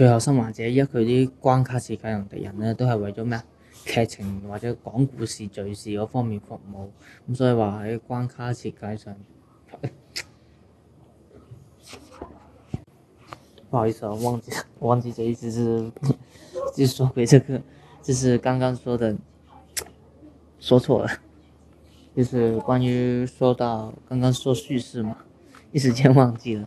最後生還者一佢啲關卡設計同敵人呢都係為咗咩啊？劇情或者講故事敘事嗰方面服務。咁所以話喺關卡設計上， 不好意思啊，我忘記了，我忘記咗，意思，就是，一直是，一直說回這個，就是剛剛說的，說錯了，就是關於說到剛剛說敘事嘛，一時間忘記了。